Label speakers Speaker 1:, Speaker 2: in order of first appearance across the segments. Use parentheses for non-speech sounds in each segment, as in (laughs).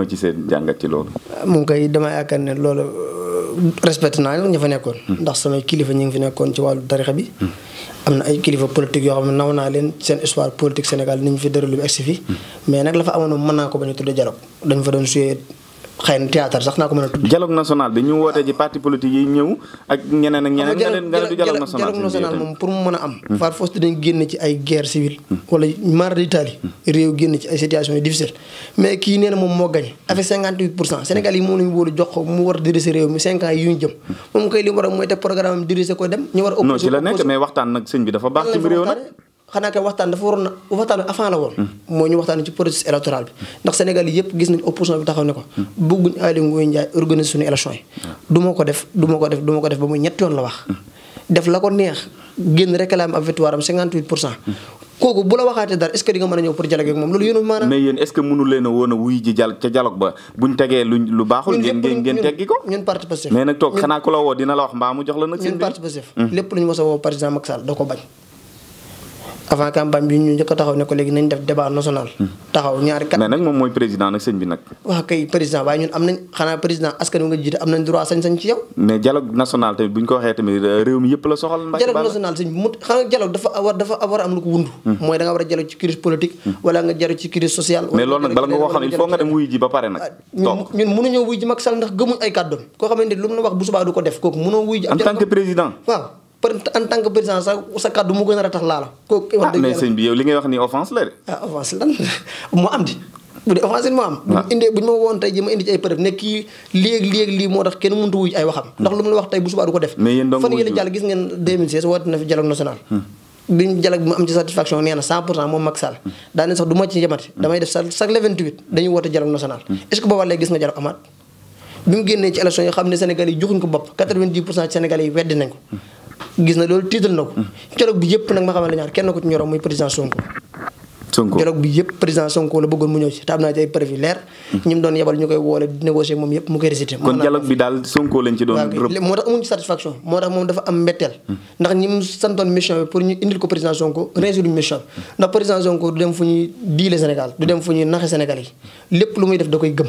Speaker 1: moo ci seen jàngat ci loolu.
Speaker 2: moom kay dama yaakaar ne loolu euh, respecté naa ñu fa nekkoon. Hmm. ndax samay kilifa ñu ngi fi nekkoon ci wàllu tarixa bi. Hmm. am na ay kilifa politique yoo xam ne naw naa leen seen histoire politique Sénégal ni ñu fi dëralu bi egsi fi hmm. mais nag la fa amoon mën naa ko bañ a tuddee dialogue dañ fa doon suyee xëy na théâtre sax naa ko mën a tudd.
Speaker 1: dialogue national bi ñu woote ji parti politique yi ñëw ak ñeneen ak ñeneen. nga leen nga moom
Speaker 2: pour mu mën a am. par hmm. force dañ génn ci ay guerre civile. wala mar d'Italie. Hmm. réew génn ci ay situation yu difficile. mais kii nee na moom moo gañ avec 58 pour cent Sénégal yi moom la ñu jox mu war a diriger réew mi 5 yi ñu jëm. Hmm. moom kay li war a mooy te programme am diriger ko dem. ñu war a opposé non ci la nekk mais waxtaan xanaa kay waxtaan dafa waroon na waxtaan avant la woon. moo ñu waxtaan ci processus électoral bi. ndax Sénégal yëpp gis nañ opposition bi taxaw ne ko. bëgguñ Aly Ngouille Ndiaye organiser élection yi. du ko def du ma ko def du ko def ba muy ñetti yoon la wax. def la ko neex génn réclame ab victoire am 58 pour cent. a ñëw
Speaker 1: leen a woon a wuy ji jal ca dialogue ba buñ tegee lu baaxul ngeen ngeen ngeen teggi ko
Speaker 2: ñun parti passif mais nag toog xanaa ku
Speaker 1: la woo dina la wax
Speaker 2: mbaa avant campagne bi ñu njëkk a taxaw ne ko léegi nañ def débat national. Hmm. taxaw ñaari
Speaker 1: kat mais nag waxee tamit euh, réew mi yëpp la soxal. a
Speaker 2: am lu ko wund. Hmm. mooy da a dialogue ci hmm. ah, wax bu subaa du ko def kooku mënoo wuy ji en tant que président waaw en tant que président sa sa kàddu mu gën a ratax laala. kooku wax ah, dëgg
Speaker 1: yow li ngay wax ni offense la de.
Speaker 2: ah offense lan (laughs) moo am di bu dee offense moo am. Ah. ndax lu mu la wax tey bu subaa du ko def.
Speaker 1: fan yële jàll
Speaker 2: gis ngeen 2016 woote na fi dialogue national. Hmm. bi ñu jàll bi mu am ci satisfaction nee na pour cent moom Macky Sall. Hmm. daanaka sax du ma ci yemati. Hmm. damay def chaque le 28 dañuy woote dialogue national. est ce que gis nga dialogue bi mu génnee ci élection yi xam ne Sénégalais yi joxuñ ko bopp 90 pour cent ci yi weddi nañ ko. gis na loolu tiital na ko. dialogue bi yëpp nag ma xamal la ñaar kenn ko ci ñoroom muy président Sonko. Sonko dialogue bi yëpp président Sonko la bëggoon mu ñëw si te am naa ci ay preuve leer. ñi mu doon yebal ñu koy woole négocier moom yëpp mu koy récité. kon dialogue
Speaker 1: bi daal Sonko lañ ci doon. rëb moo
Speaker 2: tax amuñ ci satisfaction moo tax moom dafa am mbetteel. ndax ñi ko président Sonko réussir luñ mission bi. ndax président Sonko du fu ñuy diile Sénégal du lépp lu muy def da koy gëm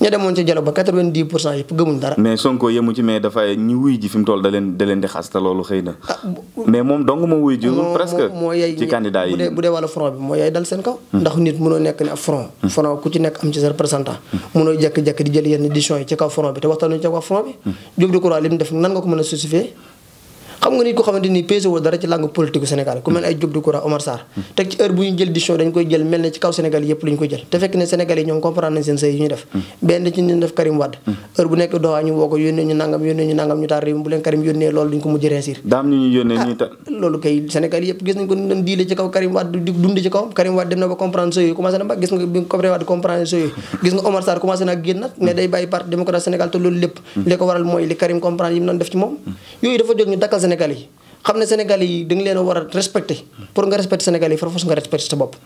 Speaker 2: ña demoon ci dialogue ba 90 pour cent yëpp gëmuñ dara.
Speaker 1: mais Sonko yemu ci mais dafay ñi wuy ji fi mu toll da leen da leen di xas te loolu xëy na. Ah, mais moom dong wuy ji. presque ci candidat yi bu
Speaker 2: dee bu front bi moo yaay dal seen kaw. Hmm. ndax nit mënoo nekk ne ab front. Hmm. front ku ci nekk am ci sa représentant. Hmm. mënoo jékki-jékki di jël yenn décisions yi ci kaw front bi te waxtaanuñu ci kaw front bi. Diop Decroix li mu def nan nga ko xam nga nit ko xamante ni pesé woo dara ci langue politique Sénégal ku mel ay Diop Decroix Omar dañ koy jël mel ne ci kaw Sénégal yi ñu def benn ci ñu di ko waral mooy li Karim comprendre yi mu doon def ci moom yooyu dafa jóg ñu dakkal xam ne Sénégal yi da nga leen a war pour nga respecté Sénégal yi far fos nga respecté sa bopp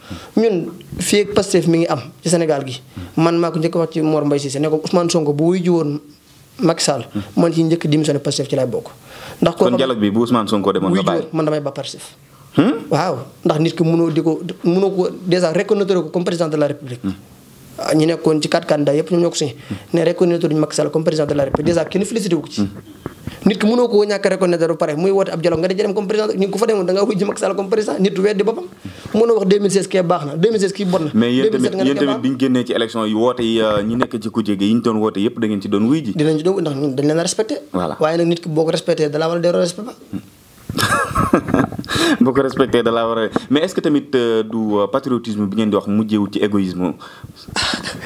Speaker 2: ñun fii ak Pastef ngi am ci Sénégal gi man maa ko njëkk wax ci Mor Mbaye Cissé ne ko Ousmane hmm? di ko mënoo ko dèjà reconnaître ko comme président de la république hmm. ah, ñu nekkoon ci quatre candidats yëpp ñoom ñoo ko signé hmm. ne reconnaître ñu comme président de la république dèjà kenn félicité ko ci nit ki mënoo koo ñàkk reconnaître ba pare muy woote ab dialogue nga di dem comme président ñu ko fa demoon da ngaa wuy ji Macky Sall comme président nit weddi bon na mais yéen
Speaker 1: tamit euh, boo ko respecté dalaa war a delloo (laughs) war mais est-ce tamit euh, du euh, patriotisme bi ngeen di wax mujjeewu ci égoïsme (laughs)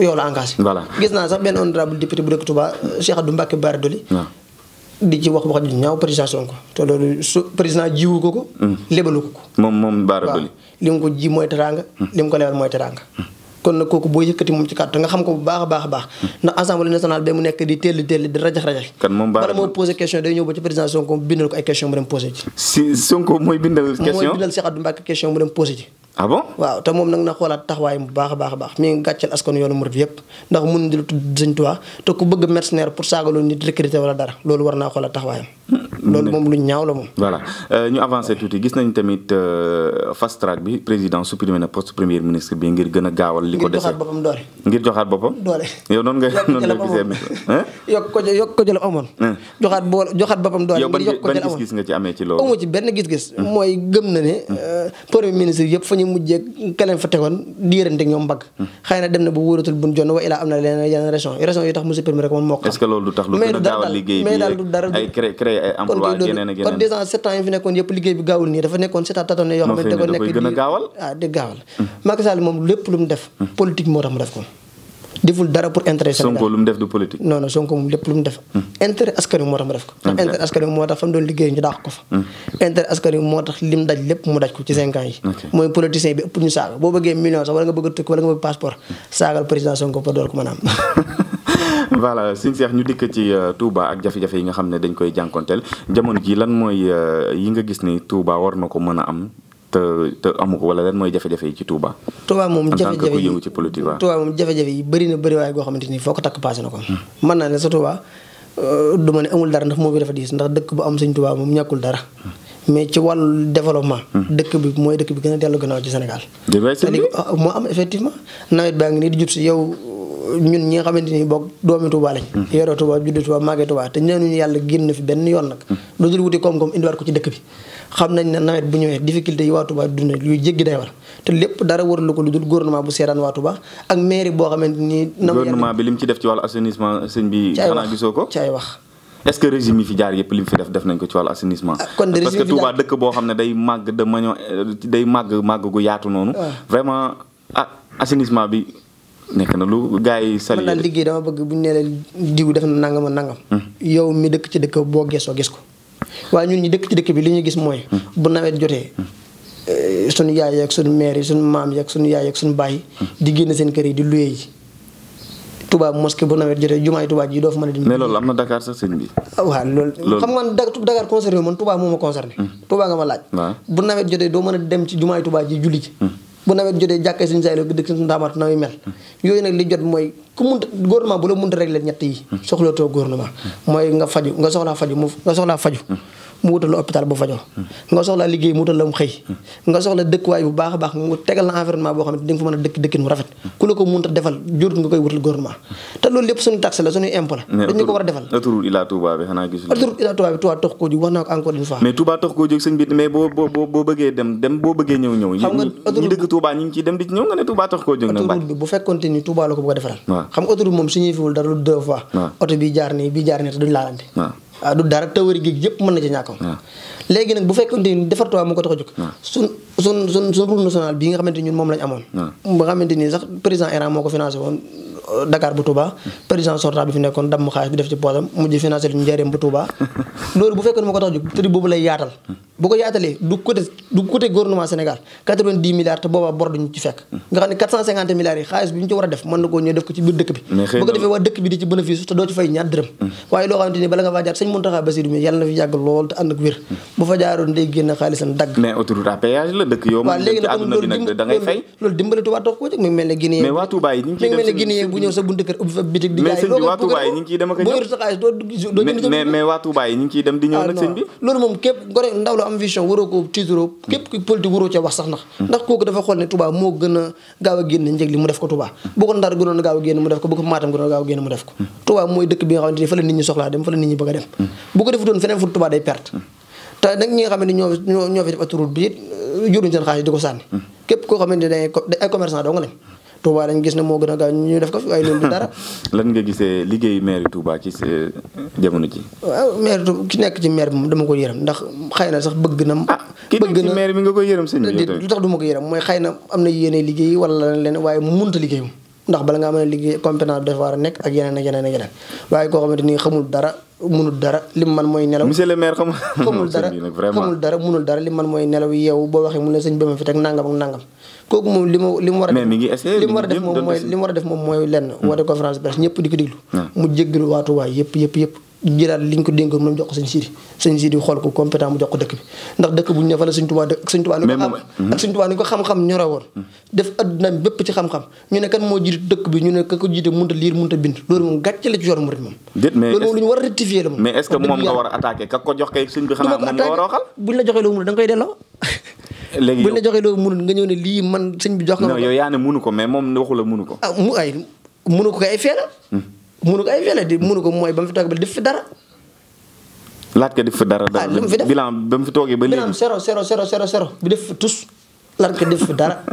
Speaker 2: yow la engagé. gis naa sax benn honorable député bu dëkk Touba Cheikh Abdou Mbacke Bara Dolly. di ci wax wax ju ñaaw président Sonko ko ko. Hmm. lebalu ko mu hmm. hmm. a baax a baax ndax assemblée nationale bindal ko ay question mu dem posé ci ah bon waaw te moom nag na xoolaat taxawaayam baax a baax a baax mi ngi gàcceel askanu yoonu murit yëpp ndax mun di la tudd sëñ Tuubaa te ku bëgg mercenaire pour saagaloon nit recruter wala dara loolu war naa xoolaat taxawaayam
Speaker 1: mm-hmm. loolu
Speaker 2: moom lu ñaaw la moom
Speaker 1: voilà euh, ñu avancé tuuti gis nañ tamit euh, fast track bi président supprimé premier ministre bi ngir gën a gaawal li ko dese ngir joxaat boppam doole ngir joxaat boppam doole yow
Speaker 2: yokk ko (laughs) yokk ko jëlam amoon joxaat boo joxaat boppam doole mujjee keneen fa tegoon diirante ñoom mbagg xëy na dem na ba wóoratul buñ jonn wa ilaa am na leneen yeneen raison yi tax mu supprimer rek moom moo
Speaker 1: xam est-ce daal du dara ay créer créer deux ans
Speaker 2: sept yi fi nekkoon yëpp liggéey bi gaawul nii dafa nekkoon sept ans tatoon yoo xam ne da nekk di ah di gaawal Macky Sall lépp lu def hmm. politique moo tax mu def ko deful dara pour intérêt Sénégal Sonko lu
Speaker 1: mu def du politique.
Speaker 2: non non Sonko moom lépp lu mu def. Hmm. intérêt askan moo tax mu def ko. ndax intérêt askan wi moo tax fa mu hmm. moo tax lim daj lépp mu daj ko ci cinq mooy politicien bi ëpp ñu saaga boo bëggee million sax wala nga bëgg a tukki wala nga bëgg passeport a am.
Speaker 1: (laughs) voilà sëñ Cheikh ñu ci euh, Touba ak jafe-jafe yi nga xam ne dañ koy jànkonteel jamono ji lan mooy euh, yi nga gis ni Touba war na ko mën a am te te amu ko wala lan mooy jafe-jafe yi ci Touba.
Speaker 2: Touba moom jafe-jafe yi yëngu ci
Speaker 1: yi
Speaker 2: bëri na bëri waaye goo xamante ni foo ko takk passé na ko. mën naa ne sa Touba euh, du ma ne amul dara ndax moo bi dafa diis ndax dëkk bu am sëñ Touba moom ñàkkul dara. mais ci wàllu développement. Hmm. dëkk bi mooy dëkk bi gën a dellu gannaaw ci Sénégal.
Speaker 1: Euh,
Speaker 2: moo am effectivement nawet baa ngi nii di si yow euh, ñun ñi nga xamante ni boog doomi Touba lañ. Hmm. yoroo Touba juddu Touba màggee Touba te ñaanuñu yàlla génn fi benn yoon nag. Hmm. lu dul wuti koom-koom indiwaat ko ci dëkk bi xam nañ ne nawet bu ñëwee difficulté yi waa Touba dund yu jéggi day war te lépp dara warlu ko lu dul gouvernement bu seeraan waa Touba ak mairie boo xamante ni. gouvernement
Speaker 1: bi lim ci def ci wàllu assainissement sëñ bi. xanaa gisoo ci ay wax. est-ce que régime fi jaar yëpp li mu fi def def nañ ko ci wàllu assainissement. Ah, kon de parce boo xam ne day màgg de day màgg màgg gu yaatu noonu. Ah. vraiment ah assainissement bi nekk na lu gars yi. sali man daal liggéey
Speaker 2: dama bëgg bu ñu nee la diw def na nangam a nangam. Hmm. yow mi dëkk ci dëkk boo geesoo gis ko waaye ñun ñi dëkk ci dëkk bi li ñu gis mooy. Hmm. bu nawet jotee. Eh, suñu yaay ak suñu mère yi suñu maam yi ak suñu yaay ak suñu baay di génn seen kër yi di luye yi. Touba mosquée bu nawet jotee jumaay Touba ji doo fa mën a dem. mais loolu
Speaker 1: am na Dakar sax sëñ bi.
Speaker 2: Ah, waaw loolu xam nga Dakar concerné man tubaab moo ma concerné. Hmm. Touba nga ma laaj. bu nawet jotee doo mën a dem ci jumaay Touba ji julli ji. Hmm. bu nawet jotee jàkkee suñu saay bi dëkk suñu ndaamaatu na muy mel yooyu nag li jot mooy ku munta gouvernement bu la munta régler ñett yi na hmm. gouvernement hmm. mooy nga faju nga soxlaa faju mu nga soxlaa faju hmm. mu wutal la hôpital bu fajoo nga soxlaa liggéey mu wutal la xëy nga soxla dëkkuwaay bu baax a baax mu tegal la environnement boo xam nga a dëkk dëkkin a defal
Speaker 1: autoroute Ila Touba bi xanaa gis
Speaker 2: autoroute Ila Touba bi Touba tax koo jóg wax naa ko encore une fois mais
Speaker 1: dem boo bëggee ñëw ñëw xam dëkk Touba ñi ngi ciy dem di ñëw nga ne Touba tax koo jóg nag autoroute
Speaker 2: bu fekkoon te ni Touba la ko bëgg a defaral xam moom su fiwul dara lu deux fois oto bi jaar nii bi jaar nii te duñ laalante waaw ah, du dara te wér gi yëpp mën na ci ñàkk ah. léegi nag bu fekkente ni defar Tuubaa mu ko tax a jóg ah. sun sun sun sun route nationale bii nga xamante ñun moom lañ amoon nga xamante nii sax président Iran moo ko financé woon euh, Dakar bu Touba hmm. président sortant bi fi nekkoon dam xaalis bi def ci poosam mujj financé lu ñu njëriñ bu Touba (laughs) loolu bu fekkoon moo ko tax a jóg te di boobu lay yaatal hmm. bu ko yaatalee du côté du côté gouvernement Sénégal 90 milliards te boobaa bor duñu ci fekk. nga xam ne 450 yi xaalis bi ñu ci war a def mën na koo ñëw def ko ci biir dëkk bi. mais mm.
Speaker 1: mm. autoroute à ñu ngi dem seen ñëw sa buntu kër ah,
Speaker 2: loolu moom képp ndaw la am vision waroo ko tiituroo képp ku politique waroo ca wax sax ndax ndax kooku dafa xool ne Touba moo gën a gaaw a génn njëg li mu def ko Touba bu ko Ndar gënoon a gaaw a génn mu a gaaw a génn mu def ko Touba mooy dëkk bi nga xamante ni la nit ñi soxlaa dem fa la nit ñi bëgg a dem bu ko defutoon feneen fu Touba day perte te nag ñi nga xamante ni ñoo fi def autoroute bi it juruñ seen xaalis di ko sànni képp koo xamante ne ay commerçant doo nga lañ Touba dañ gis ne moo gën a gaaw ñu def ko fi waaye loolu du dara.
Speaker 1: (laughs) lan nga gisee liggéeyu maire Touba ci jamono ji.
Speaker 2: waaw maire Touba ki nekk ci meer bi dama ko yërëm ndax xëy na sax bëgg na. Ah, bëgg na
Speaker 1: maire bi nga koy yërëm sëñ bi. du
Speaker 2: tax du ma yërëm mooy xay na am na yéene liggéey wala leen waaye mënut a liggéeyam ndax bala ngaa mën a liggéey compétence bi dafa war a nekk ak yeneen ak yeneen ak yeneen waaye koo xamante ni xamul dara munul dara lim man mooy nelaw monsieur
Speaker 1: le maire (laughs) xamul dara xamul
Speaker 2: dara munul dara lim man mooy nelaw yeewu boo waxee mu ne sëñ bi ma fi teg nangam ak nangam kooku moom li mu li mu war a def moom mooy li mu war a def moom mooy lenn hmm. woote conférence presse ñëpp di ko déglu hmm. mu jéggalu waatuwaay yëpp yëpp yëpp jëlaat liñ ko dénkoon moom jox ko sëñ Sidi sëñ Sidi xool ko compétent mu jox ko dëkk bi ndax dëkk bu ñu ne fa la sëñ Tuubaa dëkk sëñ Tuubaa ni ko am mhm. ak sëñ Tuubaa ni ko xam-xam ñora woon mhm. def adduna bépp ci xam-xam ñu ne kan moo jiitu dëkk bi ñu ne ka ko jiite mënut a liir mënut a bind loolu moom gàcce la ci yoon murit moom
Speaker 1: loolu moom lu ñu war a
Speaker 2: rectifier la moom mais est-ce que moom nga war a
Speaker 1: attaquer ka ko jox kay sëñ bi xanaa moom nga war a waxal
Speaker 2: buñ la joxee loo mënul da nga koy delloo
Speaker 1: (laughs) léegi buñ la joxee loo mënul nga ñëw ne lii man sëñ bi jox nga yow yaa ne mënu ko mais moom waxu la mënu ko
Speaker 2: ah mu ay mënu ko kay ay fee la hmm. munu ko ay feneen di munu ko mooy ba mu fi toog ba def fi dara.
Speaker 1: laaj ko def fi dara. ah lu mu fi def bilan ba mu fi toogee ba léegi. bilan
Speaker 2: sero sero sero sero zéro bi def fi tus. lan ko def fi dara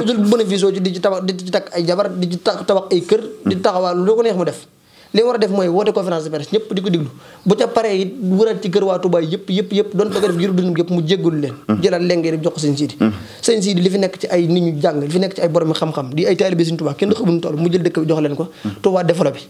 Speaker 2: lu (laughs) dul bénéfice ci di ci tabax di ci takk ay jabar di ci tabax ay kër. di taxawaa lu ko neex mu def. li war a def mooy woote conférence de presse ñëpp di ko diglu bu ca paree it wëraat ci kër waa Touba yëpp yëpp yëpp doon ko def jur dundam yëpp mu jéggul leen mm-hmm. jëlaat lengee def jox ko sëñ Sidi mm-hmm. sëñ li fi nekk ci ay nit ñu jàng li fi nekk ci ay borom xam-xam di ay taalibe sëñ Touba kenn xamuñu toll mu jël dëkk jox leen ko mm-hmm. Touba développé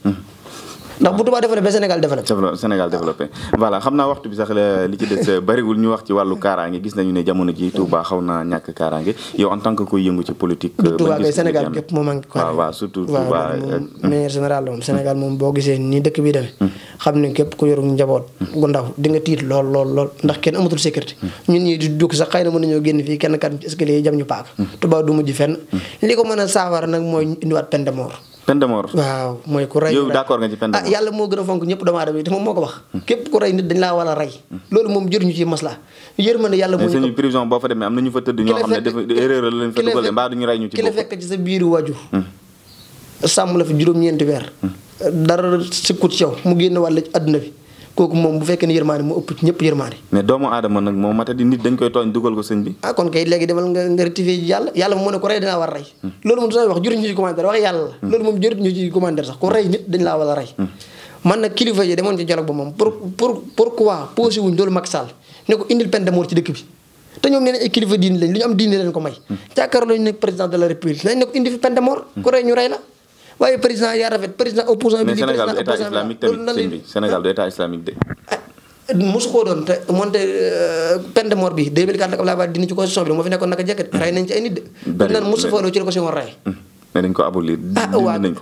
Speaker 1: ndax bu Touba développé Sénégal développé. Sénégal développé voilà xam naa waxtu bi sax li ci des euh, bariwul ñu wax ci wàllu kaaraange gis nañu ne jamono ji Touba xaw naa ñàkk kaaraange yow en tant que kuy yëngu ci politique. du euh, Touba kay Sénégal képp moo a waaw waaw surtout Touba euh,
Speaker 2: manière générale moom Sénégal moom boo gisee nii dëkk bi demee. xam ne képp ku yorum njaboot. gu ndaw di nga tiit lool lool lool ndax kenn amatul sécurité. ñun nii di dugg sax xay na mën nañoo génn fii kenn kat escalier yi jam ñu paaka. Touba du mujj ko mën a saafara nag mooy indiwaat peine de peine de mort waaw mooy ku rey yow d'accord nga ci peine ah, yàlla moo gën a fonk ñëpp doomu aadama yi te moom moo ko wax hmm. képp ku rey nit dañ laa war a rey hmm. loolu moom jëruñu ci masla yërmande yàlla moo ñu
Speaker 1: prison boo fa demee am nañu fa tëdd ñoo xam ne dafa
Speaker 2: fekk ci sa biiru waajur hmm. sàmm la fi juróom-ñeenti weer dara sikkut ci yow mu génn wàll àdduna bi kooku moom bu fekkee ne yërmaane moo ëpp ci ñëpp yërmaane
Speaker 1: mais doomu aadama nag moom mata di nit dañ koy tooñ dugal ko sëñ bi
Speaker 2: ah kon kay léegi demal nga nga rectifié ji yàlla yàlla moom hmm. moom jëriñ hmm. laa war a rey hmm. man nag kilifa yi demoon ci dialogue ba moom pour pour pourquoi posé wuñ loolu ne ko indil peine de ci dëkk bi te ñoom nee nañ ay lu ñu am diine leen ko may jàkkaarloo lañu nekk président de la république lañ ne ko indi fi peine de rey waaye président yaa rafet président opposant bi. président
Speaker 1: Sénégal du état islamique de.
Speaker 2: Ah, mosu koo doon te moonte euh, peine de moor bi 2004 ak Abdoulaye Wade dina ci constitution moo fi na mosu foo ci la ko si war rey.
Speaker 1: mais dañ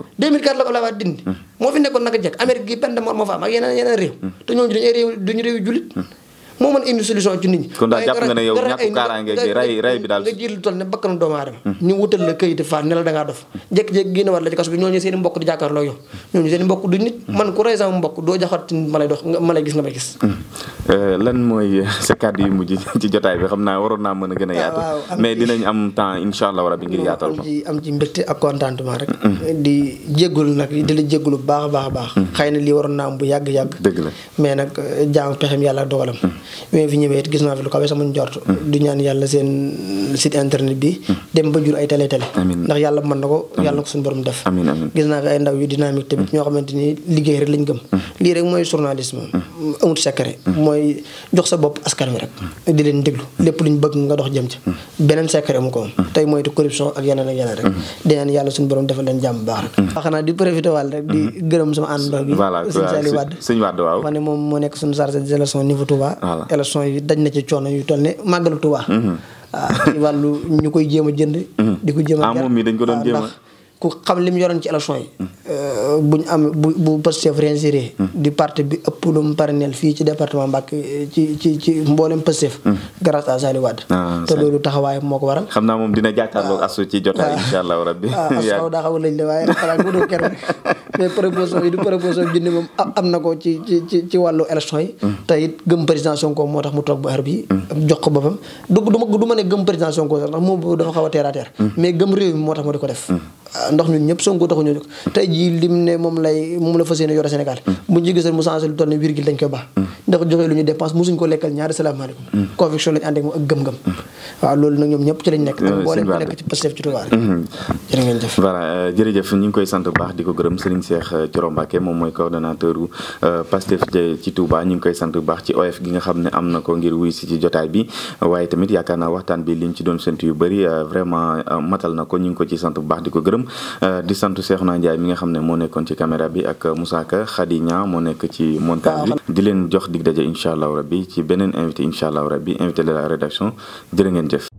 Speaker 2: dindi. moo fi nekkoon naka jekk hmm, hmm, ah, hmm. Amérique gi peine de mort moo fa am ak yeneen yeneen réew. te ñooñu jullit moo mën indi solution ci nit ñi. kon daal jàpp nga ne yow ñàkk kaaraange gi ray ray bi daal nga jiir lu toll ne bakkanu doomu aadama ñu wutal la këyit faat ne la dof jékki-jékki génn war la ci kaso bi mm.
Speaker 1: mm. euh, lan mooy sa kàddu yu mujj (laughs) ci jotaay bi xam naa waroon naa mën a gën a ah, mais dinañ am temps insha allah rabbi ngir yaatal ko
Speaker 2: am ci mbégte ak contentement rek mm. di jéggul nag di la jéggulu baax baax baax xëy na lii waroon naa am bu yàgg-yàgg dëgg la mais nag euh, jaam pexem yàlla dogalam bi ma fi ñëwee it gis naa fi lu kawe sama njort. Mm-hmm. du ñaan yàlla seen site internet bi. Mm-hmm. dem ba jur ay télé télé. ndax yàlla mën na ko. yàlla na ko suñu borom def. gis naa fi ay ndaw yu dynamique tamit mm-hmm. ñoo xamante ni liggéey rek lañ gëm. lii rek mooy journalisme. amut secret. mooy jox sa bopp askan wi rek. di leen déglu lépp luñ bëgg nga dox jëm ci. beneen secret mu ko am. tey moytu corruption ak yeneen ak rek. di yàlla suñu borom defal leen jàmm baax rek. waaw ah, di profité rek di gërëm sama àndandoo bi. voilà sëñ
Speaker 1: Saliou Wade
Speaker 2: ne moom moo nekk suñu chargé des élections niveau Touba. élection na ci coono yu toll ne màggalu Touba. waaw mhm. ah, ci ñu koy jéem a jënd. Mhm. di ko jéem a ah, moom mi dañ ko doon jéem ku xam li mu yoroon ci élection yi mhm. euh, bu ñu am bu bu Pastef réinséré hmm. di parti bi ëpp lu mu fii ci département Mbacké eh, ci mboolem Pastef hmm. grâce à Saliou Wade
Speaker 1: ah, te loolu
Speaker 2: taxawaay moo ko waral
Speaker 1: xam naa moom dina jàkkaarloog ah. asu ci jotaay ah. insha allah rabbi asu
Speaker 2: yi du proposition bi ne moom am hmm. te it gëm président Sonko moo tax mu toog bu heure bi jox ko boppam du du ma ne gëm président Sonko sax ndax moom dafa xaw a terre à terre mais gëm réew mi moo tax ma di ko def ndax ñun ñëpp Sonko taxu ñoo jóg tey jii lim mu ne moom lay moom la fas yéene yore Sénégal mu mm. mm. mm. changé ko lekkal mm-hmm. euh,
Speaker 1: sant bu di ko gërëm Serigne Cheikh euh, Thioro u euh, Pastef ci Touba ñu ngi koy sant bu baax ci OF gi nga xam ne am na ko ngir wuy ci jotaay bi waaye tamit yaakaar naa waxtaan bi liñ ci doon sant yu bëri vraiment matal na ko ñu ngi ko ci sant baax di ko gërëm di sant Cheikh Ndiaye mi nga xam ne moo ne kon ci caméra bi ak Moussa Ka Khady Niang moo nekk ci montage bi di leen jox dig daje incha allahu rabbi ci beneen invité incha allah rabbi invité de la rédaction jërë ngeen jëf